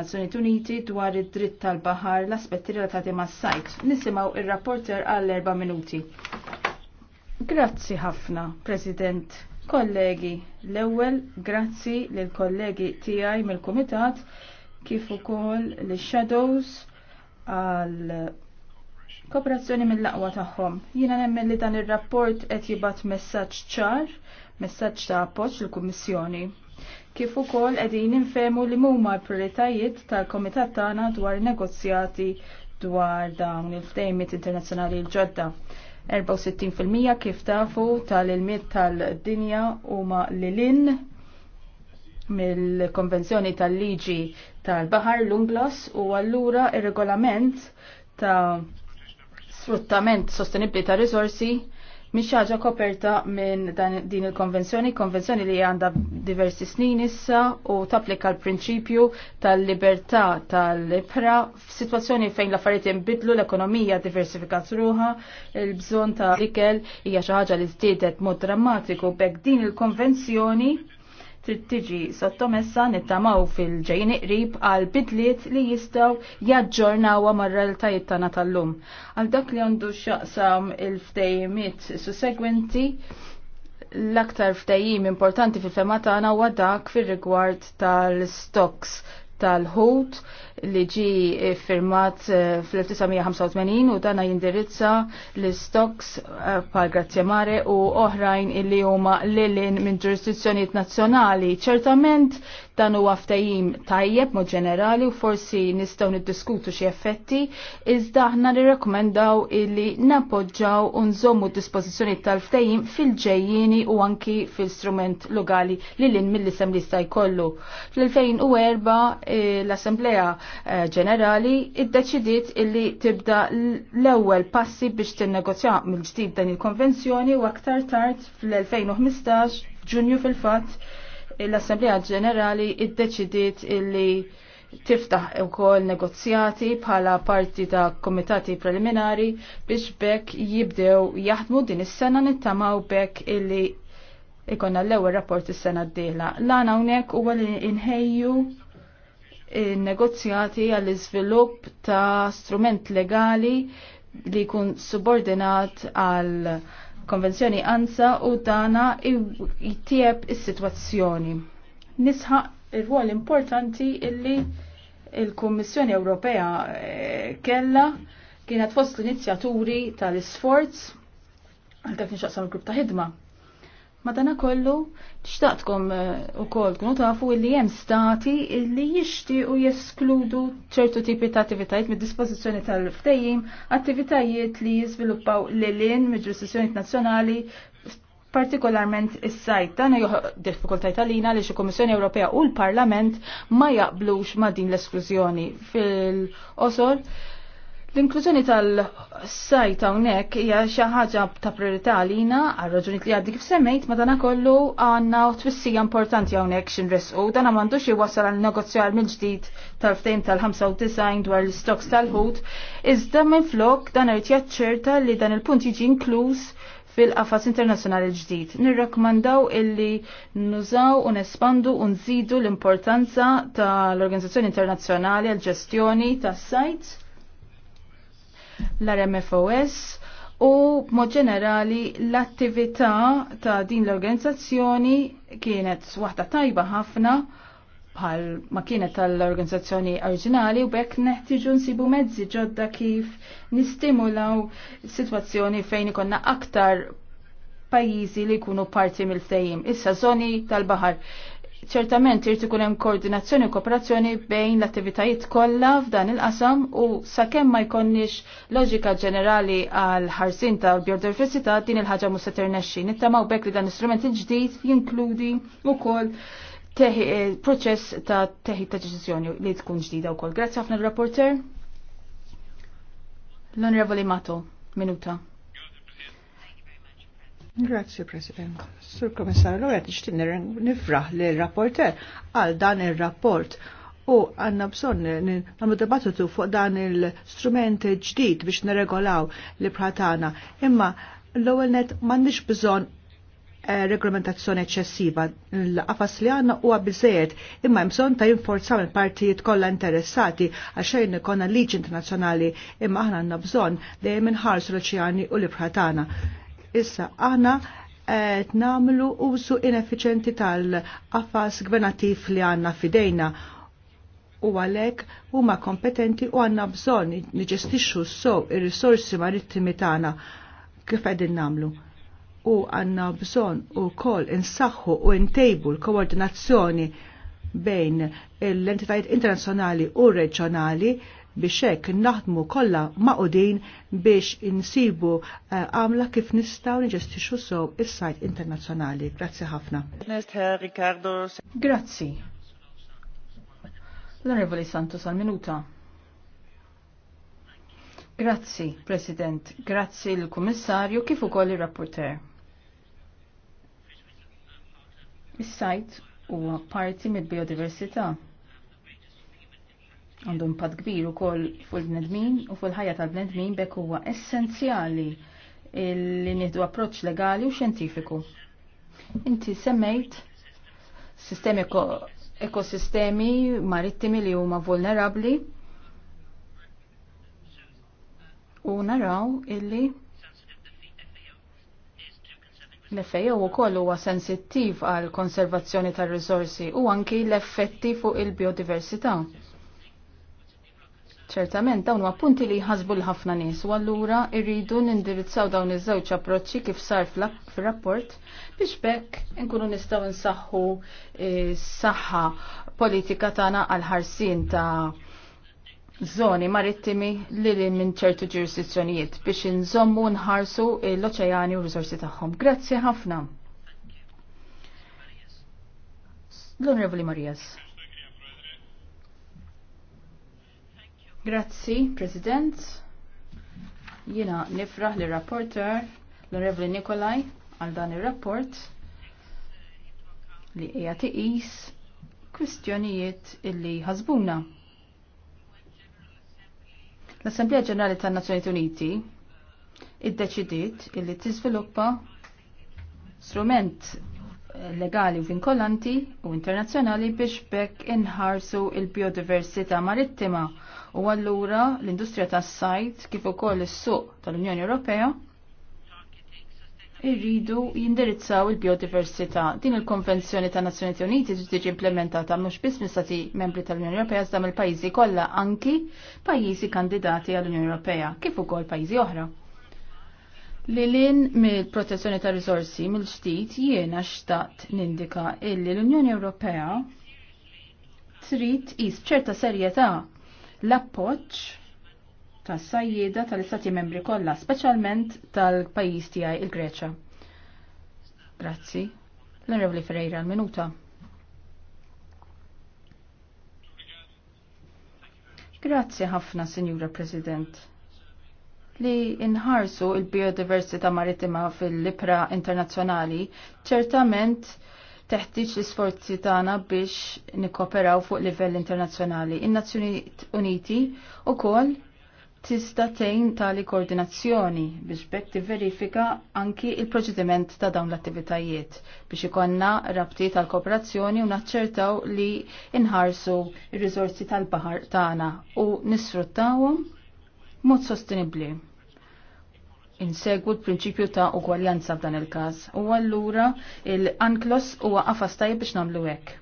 Nazzjonijiet Uniti dwar id-dritt tal-baħar l-aspetti relatati mas-sajt. Nisimgħu ir-rapporter għal erba' minuti. Grazzi ħafna, President. Kollegi, l-ewwel grazzi lil kollegi tiegħi mill-Kumitat kif ukoll lix-Shadows għal kooperazzjoni mill-aqwa tagħhom. Jiena nemmen li dan ir-rapport qed jibgħat messaġġ ċar, messaġġ ta' appoġġ lill-Kummissjoni kif ukoll qegħdin infemu li huma l-prioritajiet tal-Komitat tagħna dwar negozjati dwar dawn il-ftehimiet internazzjonali l-ġodda. 64% kif tafu tal-ilmiet tal-dinja huma lilin mill-Konvenzjoni tal-Liġi tal baħar l-Unglas u allura ir-regolament ta' sfruttament sostenibbli ta' risorsi Mhix ħaġa koperta minn din il-konvenzjoni, konvenzjoni li għandha diversi snin issa u tapplika l-prinċipju tal-libertà tal-ibra f'sitwazzjoni fejn l-affarijiet inbidlu l-ekonomija diversifikat ruħa, il-bżonn ta' ikel hija xi ħaġa li żdiedet mod drammatiku bekk din il-konvenzjoni trid tiġi sottomessa nittamaw fil-ġejjin iqrib għal bidliet li jistgħu jaġġornawha mar-realtajiet tagħna tal-lum. Għal dak li għandu x'jaqsam il su sussegwenti l-aktar ftejim importanti fil-fema tagħna huwa dak fir-rigward tal-stocks tal-ħut li ġi firmat eh, fl-1985 u dana jindirizza l-stocks eh, pal Grazzja Mare u oħrajn illi huma lilin minn ġurisdizzjonijiet nazzjonali. Ċertament Dan huwa ftehim tajjeb mod ġenerali u forsi nistgħu niddiskutu xi effetti, iżda aħna nirrekomendaw illi nappoġġaw u nżommu d-dispożizzjoni tal-ftehim fil ġejjini u anki fil-strument lokali li lin mill-isem li sta jkollu. Fl-2004 eh, l-Assemblea eh, Ġenerali iddeċidiet illi tibda l-ewwel passi biex tinnegozja mill-ġdid dan il-konvenzjoni u aktar tard fl-2015 ġunju fil-fatt l-Assemblea Ġenerali iddeċidiet illi tiftaħ ukoll negozjati bħala parti ta' komitati preliminari biex bekk jibdew jaħdmu din is-sena nittamaw bekk illi ikonna l-ewwel rapport is-sena d-dieħla. Lana hawnhekk huwa li inħejju negozjati għall-iżvilupp ta' strument legali li jkun subordinat għal konvenzjoni ansa u dana jittieb is-sitwazzjoni. Nisħa il rwol importanti illi il-Kummissjoni Ewropea eh, kella kienet fost l-inizjaturi tal sforz għal dak nixaqsam il-grupp ta' ħidma Madana kollu, xtaqtkom eh, u koll kunu tafu illi jem stati illi jishti u jeskludu ċertu tipi ta' attivitajiet mid dispożizzjoni tal ftejim attivitajiet li jizviluppaw l-lin mid ġurisdizzjoni nazzjonali, partikolarment is-sajt. Dan joħ diffikultajt għalina li xi Kummissjoni Ewropea u l-Parlament ma jaqblux ma' din l-esklużjoni fil-qosor L-inklużjoni tal-sajt hawnhekk hija xi ħaġa ta' priorità għalina għal raġunijiet li għaddi kif semmejt kollu għandna twissija importanti hawnhekk x'inresqu dan m'għandux iwassal għal negozjar mill-ġdid tal-ftehim tal-95 dwar l-stocks tal-ħut iżda minflok dan irid jaċċerta li dan il-punt jiġi inkluż fil-qafas internazzjonali ġdid. Nirrakkomandaw illi nużaw u nespandu u nżidu l-importanza tal-Organizzazzjoni Internazzjonali għal ġestjoni tas-sajt l-RMFOS u mod ġenerali l-attività ta' din l-organizzazzjoni kienet waħda tajba ħafna bħal ma kienet tal-organizzazzjoni oriġinali u bekk neħtiġu nsibu mezzi ġodda kif nistimulaw situazzjoni fejn ikonna aktar pajjiżi li jkunu parti mill-ftejim. Issa zoni tal-bahar ċertament irti ikun hemm koordinazzjoni u kooperazzjoni bejn l-attivitajiet kollha f'dan il-qasam u sakemm ma jkollniex loġika ġenerali għal ħarsin ta' biodiversità din il-ħaġa mhux se ternexxi. Nittamaw bekk li dan l-istrument il-ġdid jinkludi wkoll eh, proċess ta' teħi ta' deċiżjoni li tkun ġdida wkoll. Grazzi ħafna r rapporter L-Onorevoli Mato, minuta. Grazie, President. Sur Komissarju, għed nixtin nifraħ li l-rapporter għal dan il-rapport u għanna bżon namlu debattitu fuq dan il strumenti ġdid biex neregolaw li pratana. Imma l-ewwel net m'għandix bżonn eh, regolamentazzjoni eċċessiva. L-qafas li għanna huwa biżejjed imma jimson bżonn ta' jinforzaw il-partijiet kollha interessati għaxejn ikonna liġi internazzjonali imma aħna għandna bżonn dejjem inħarsu l-oċjani u l-ibħra tagħna. Issa aħna qed eh, nagħmlu użu ineffiċenti tal-qafas gvernativ li għandna fidejna u għalek huma kompetenti u għanna bżon niġestixxu s-sow ir-risorsi marittimi tagħna kif qegħdin nagħmlu. U għanna bżon u kol insaħħu u intejbu l-koordinazzjoni bejn l-entitajiet internazzjonali u reġjonali biex hekk naħdmu kollha maqudin biex insibu eh, għamla kif nistgħu niġestixxu sew is-sajt internazzjonali. Grazzi ħafna. Eh, Grazzi. L-Onorevoli Santos għal minuta. Grazzi, President. Grazzi l-Kummissarju kif ukoll ir-Rapporter. Is-sajt huwa parti mid-biodiversità għandu impatt kbir ukoll fuq il-bnedmin u fuq il-ħajja tal-bnedmin bekk huwa essenzjali li nieħdu approċċ legali u xjentifiku. Inti semmejt sistemi ekosistemi marittimi li huma vulnerabbli u naraw illi L-FAO u koll huwa sensittiv għal konservazzjoni tar-risorsi u anki l-effetti fuq il-biodiversità. Ċertament dawn huwa punti li jħasbu l-ħafna nies u allura rridu nindirizzaw dawn iż-żewġ approċċi kif sar fir-rapport biex bekk nkunu nistgħu nsaħħu eh, saħħa politika tagħna għal ħarsien ta' zoni marittimi li li minn ċertu ġurisdizzjonijiet biex nżommu nħarsu l-oċeani u risorsi tagħhom. Grazzi ħafna. L-Onorevoli Marijas. Grazzi, President. Jina nifraħ li rapporter l-Revli Nikolaj għal dan il-rapport li hija tiqis kwistjonijiet illi ħasbuna. L-Assemblea Ġenerali tan-Nazzjonijiet Uniti iddeċidiet illi tiżviluppa strument legali u vinkolanti u internazzjonali biex bekk inħarsu il-biodiversità marittima U allura l-industrija tas-sajt kif ukoll is-suq tal-Unjoni Ewropea irridu jindirizzaw il-biodiversità. Din il-Konvenzjoni ta' nazzjonijiet Uniti tiġi implementata mhux biss mistati membri tal-Unjoni Ewropea iżda mill-pajjiżi kollha anki pajjiżi kandidati għall-Unjoni Ewropea kif ukoll pajjiżi oħra. Lilin mill-protezzjoni ta' risorsi mill-ġdid jiena xtaqt nindika illi l-Unjoni Ewropea trid qis b'ċerta serjetà l-appoġġ tas-sajjieda tal-Istati membri kollha, speċjalment tal-pajjiż tiegħi il-Greċa. Grazzi. L-Onorevoli Ferreira l-minuta. Grazzi ħafna, Sinjura President. Li inħarsu il-biodiversità marittima fil-libra internazzjonali ċertament teħtieġ l-isforzi tagħna biex nikkoperaw fuq livell internazzjonali. In-Nazzjonijiet Uniti wkoll tista' tgħin tali koordinazzjoni biex bekk tivverifika anki il-proċediment ta' dawn l-attivitajiet biex ikonna rabti tal-kooperazzjoni u naċċertaw li inħarsu r-riżorsi tal-baħar tagħna u nisfruttawhom mod sostenibbli insegwu l-prinċipju ta' ugwaljanza f'dan il-każ u allura il-anklos huwa qafas biex nagħmlu hekk.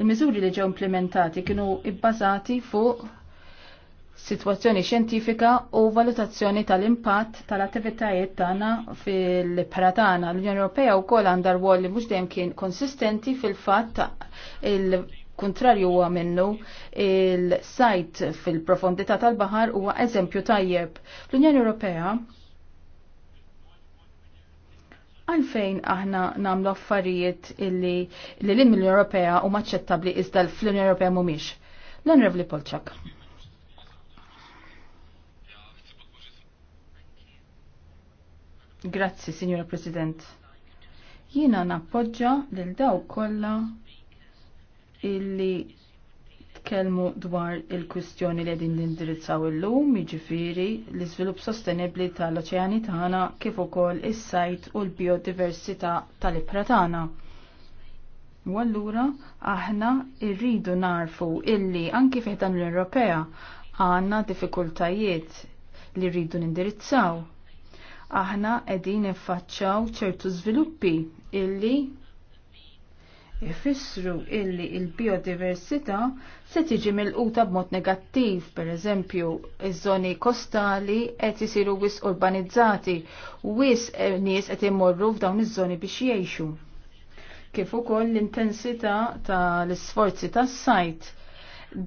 Il-miżuri li ġew implementati kienu ibbażati fuq sitwazzjoni xjentifika u valutazzjoni tal-impatt tal-attivitajiet tagħna fil-paratana. L-Unjoni Ewropea wkoll għandha rwol li mhux dejjem kien konsistenti fil-fatt il kontrarju huwa minnu il-sajt fil-profondità tal baħar huwa eżempju tajjeb. L-Unjoni Ewropea għalfejn aħna namlu affarijiet illi l-Unjoni Ewropea u maċċettabli iżda fl-Unjoni Ewropea mumiex. L-Onorevli Polczak. Grazzi, Signora President. Jiena nappoġġa lil daw kollha illi tkellmu dwar il-kwistjoni li qegħdin nindirizzaw illum, jiġifieri l-iżvilupp sostenibbli tal-oċeani tagħna kif ukoll is-sajt u l-biodiversità tal-ibra tagħna. U allura aħna rridu narfu illi anki fih dan l-Ewropea għandna diffikultajiet li rridu nindirizzaw. Aħna qegħdin niffaċċaw ċertu żviluppi illi ifissru illi il-biodiversità se tiġi mill-quta b'mod negattiv, per eżempju, iż-żoni kostali qed isiru wis urbanizzati, wis eh, nies qed imorru f'dawn iż-żoni biex jgħixu. Kif ukoll l-intensità tal-isforzi tas-sajt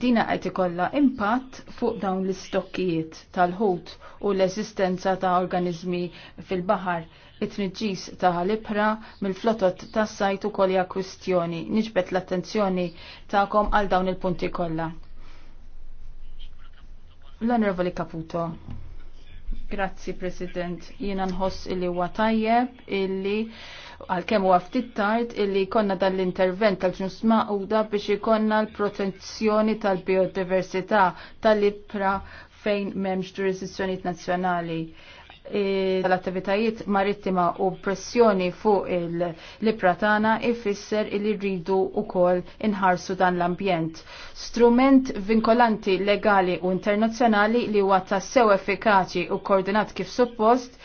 dina qed ikollha impatt fuq dawn l-istokkijiet tal-ħut u l-eżistenza ta' organizmi fil-baħar it-tniġġis ta' ħalibra mill-flotot tas sajt u kolja kwistjoni. Niġbet l-attenzjoni ta'kom għal dawn il-punti kollha. L-Onorevoli Caputo. Grazzi President, jiena nħoss illi huwa tajjeb illi għal-kem u għaftit tard illi konna dan l-intervent tal-ġnus maquda biex ikonna l-protezzjoni tal-biodiversità tal libra fejn memx jurisdizzjonijiet nazzjonali. E, tal-attivitajiet marittima u pressjoni fuq il-lipratana ifisser il rridu u kol inħarsu dan l-ambjent. Strument vinkolanti legali u internazzjonali li huwa tassew effikaċi u koordinat kif suppost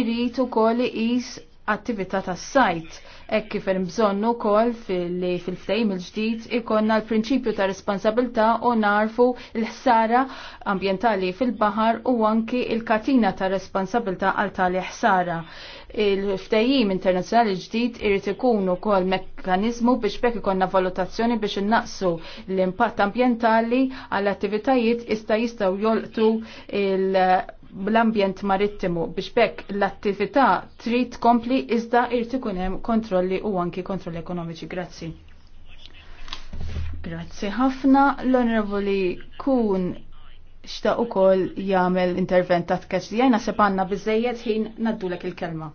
irrid ukoll is attività tas sajt hekk kif hemm bżonn ukoll li fil-ftehim il-ġdid ikonna l-prinċipju ta' responsabilità u narfu l-ħsara ambjentali fil-baħar u anki il-katina ta' responsabilità għal tali ħsara. il ftejim internazzjonali ġdid irid ikunu kol mekkaniżmu biex bekk ikonna valutazzjoni biex innaqsu l-impatt ambjentali għall attivitajiet ista jistgħu jolqtu il- l-ambjent marittimu biex bekk l-attività trid kompli iżda irti ikun hemm kontrolli u anki kontrolli ekonomiċi. Grazzi. Grazzi ħafna l-Onorevoli Kun xta u kol jagħmel intervent ta' tkeċ di għajna sepanna bizzejiet ħin naddulek il-kelma.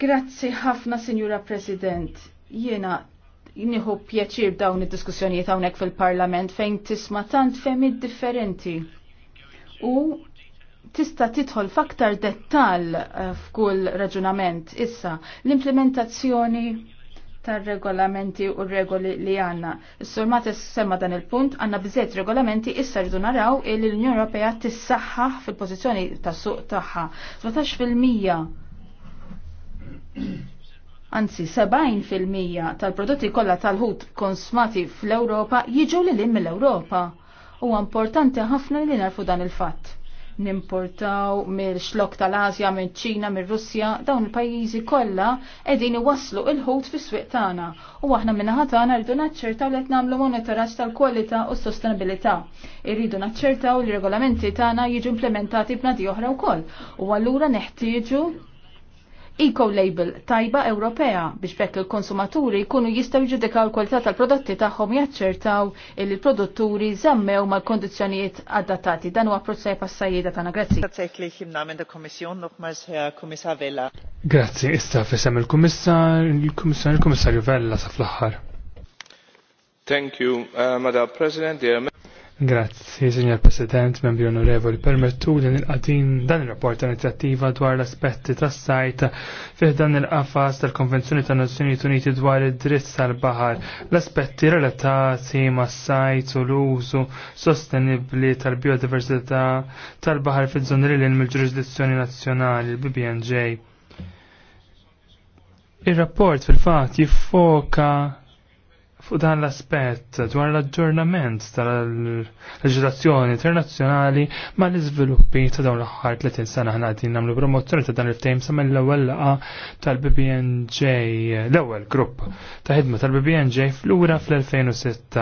Grazzi ħafna, Sinjura President. Jiena nieħu pjaċir dawn id-diskussjonijiet hawnhekk fil-Parlament fejn tisma' tant femi differenti. U tista titħol faktar dettal eh, f'kull raġunament issa l-implementazzjoni tar-regolamenti u regoli li għanna. Sur Mates semma dan il-punt, għanna bżet regolamenti issa rridu naraw il l-Unjoni Ewropea tissaħħaħ fil-pożizzjoni ta' suq tagħha. 17% anzi 70% tal-prodotti kollha tal-ħut konsmati fl-Ewropa jiġu l-Im mill-Ewropa. Huwa importanti ħafna li narfu dan il-fatt nimportaw mill-xlok tal-Asja, mill-ċina, mill-Russja, dawn il-pajjiżi kollha qegħdin iwasslu il-ħut fis-swieq tagħna. U aħna minnaħa tagħna rridu naċċertaw li qed nagħmlu monitoraġġ tal-kwalità u s-sostenibilità. Irridu naċċertaw li regolamenti tagħna jiġu implementati b'nadi oħra wkoll. U allura neħtieġu eco-label tajba Ewropea biex fekk il-konsumaturi jkunu jistgħu jġudikaw l-kwalità tal-prodotti tagħhom jaċċertaw li l-produtturi żammew mal-kondizzjonijiet adattati. Dan huwa proċess passajjeda tagħna. Grazzi. Grazzi, issa fisem il-Kummissar, il-Kummissar, il-Kummissarju Vella sa fl-aħħar. Thank you, uh, Madam President, dear Grazzi, Signor President, membri onorevoli, permettu li nil-qadin dan il-rapport inizjattiva dwar l-aspetti tas sajt fih dan il-qafas tal-Konvenzjoni tan nazzjonijiet Uniti dwar id-dritt tal-bahar, l-aspetti relatati ma' sajt u l-użu sostenibli tal-biodiversità tal-bahar fil żoni li mill-ġurisdizzjoni nazzjonali, l-BBNJ. Il-rapport fil-fat jiffoka fuq dan l-aspett dwar l-aġġornament tal-leġislazzjoni internazzjonali ma l-iżviluppi ta' dawn l-aħħar 30 sena ħna għadin nagħmlu promozzjoni ta' dan il-ftehim sa mill-ewwel laqa tal-BBNJ l-ewwel grupp ta' ħidma tal-BBNJ flura fl-2006.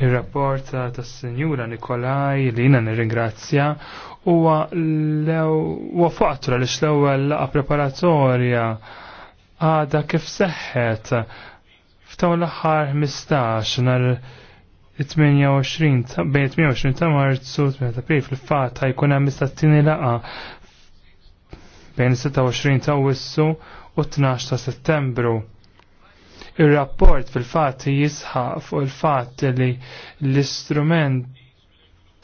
Ir-rapport tas-Sinjura Nikolaj li jiena nirringrazzja huwa l faqtra li l-ewwel laqa preparatorja għada kif seħħet Ftaw l-aħħar 15 nar 28 bejn 28 ta' Marzu 8 ta' April fil-fatt jkun hemm istattini laqa bejn 26 ta' Wissu u 12 ta' Settembru. Ir-rapport fil-fatt jisħaq fuq il-fatt li l-istrument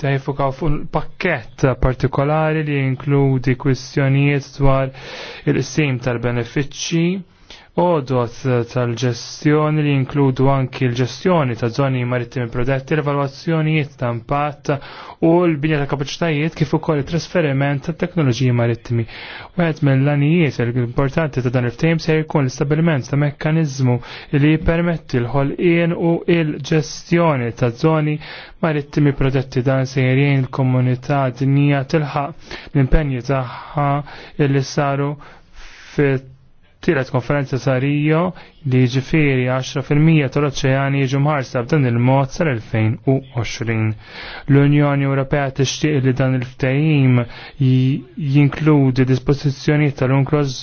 ta' jifukaw fuq pakket partikolari li jinkludi kwistjonijiet dwar il-qsim tal-benefiċċji odot tal-ġestjoni li jinkludu anki l-ġestjoni ta' zoni marittimi prodetti, l-evaluazzjonijiet ta' impatt u l-binja ta' kapaċitajiet kif ukoll it-trasferiment ta' teknoloġiji marittimi. Wieħed mill-lanijiet l-importanti ta' dan il-ftehim se jkun l-istabilment ta' mekkaniżmu li jippermetti l-ħolqien u l-ġestjoni ta' zoni marittimi prodetti dan se jirjen l-komunità dinija tilħaq l-impenji tagħha li saru fit tielet konferenza sarijo li ġifiri 10% tal-oċeani jiġu mħarsa b'dan il-mod sal-2020. L-Unjoni Ewropea tixtieq li dan il-ftehim jinkludi dispożizzjonijiet tal-unklos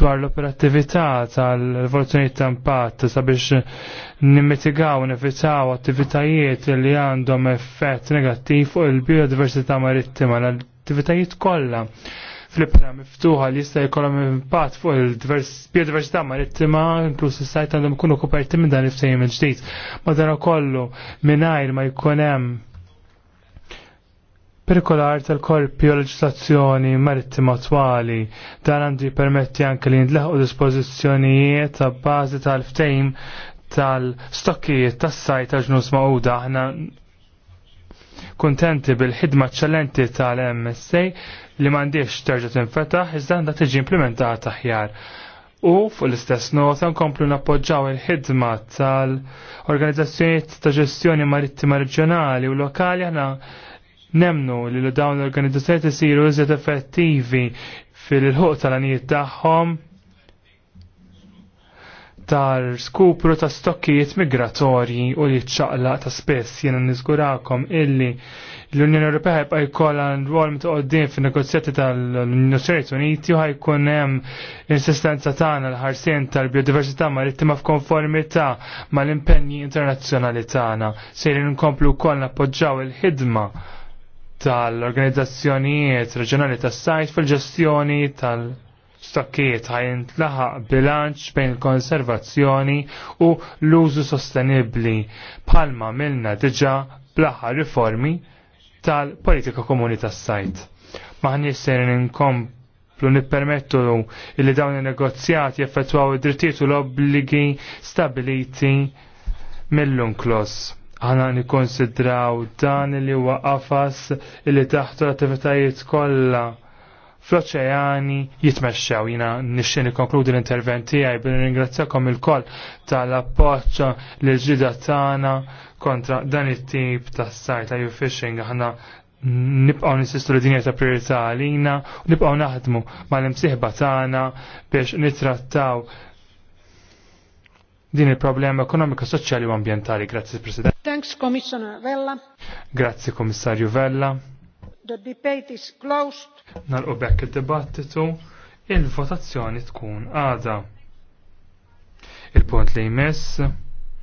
dwar l-operattività tal-evoluzzjonijiet ta' impatt sabiex nimmitigaw nevitaw attivitajiet li għandhom effett negattiv fuq il-biodiversità marittima l-attivitajiet kollha fl miftuħa li jista' jkollhom impatt fuq il-biodiversità marittima inkluż is-sajt għandhom ikunu koperti minn dan il-ftehim il-ġdid. Madankollu mingħajr ma jkun hemm perikolar tal-korpi u leġislazzjoni marittima twali dan għandu jippermetti anke li jindlaħqu dispożizzjonijiet ta' bażi tal ftejm tal-stokkijiet tas-sajt ta' ġnus ma'uda aħna kontenti bil-ħidma ċellenti tal-MSA li m'għandix terġa' tinfetaħ iżda għandha tiġi implementata aħjar. U fuq l-istess nota nkomplu nappoġġaw il-ħidma tal-organizzazzjonijiet ta' ġestjoni marittima reġjonali u lokali aħna nemnu li l dawn l-organizzazzjonijiet isiru iżjed effettivi fil-ħuq tal-anijiet tagħhom tar skupru ta' stokkijiet migratorji u li ċaqla ta' spess jena nizgurakom illi l-Unjoni Ewropea jibqa' jkollha rwol mitqoddin fin-negozjati tal-Unjoni Stati Uniti u ħajkun hemm l-insistenza tagħna l-ħarsien tal-biodiversità marittima f'konformità mal-impenji internazzjonali tagħna. Sejrin nkomplu wkoll nappoġġaw il-ħidma tal-organizzazzjonijiet reġjonali tas-sajt fil-ġestjoni tal- stokkiet ħajn tlaħaq bilanċ bejn konservazzjoni u l-użu sostenibli palma milna diġa blaħa riformi tal-politika komuni tas-sajt. Maħniex ninkom plu nippermettu li dawn in negozjati jeffettwaw id-drittijiet u l-obbligi stabiliti mill-unklos. Għana nikonsidraw dan li huwa qafas li taħtu l-attivitajiet kollha fl-oċeani jitmexxew. Jina nixxin konkludi l interventi tiegħi bil ringrazzjakom il-koll tal-appoġġ l ġida tagħna kontra dan it-tip ta' sajt ta' fishing aħna nibqgħu nisistu li dinja ta' priorità għalina u nibqgħu naħdmu mal-imsieħba tagħna biex nittrattaw din il-problema ekonomika, soċjali u ambjentali. Grazzi, President. Thanks, Commissioner Vella. Grazzi, Komissarju Vella. The debate is closed. Nalqu bekk id-dibattitu, il il-votazzjoni tkun għada. Il-punt li jmiss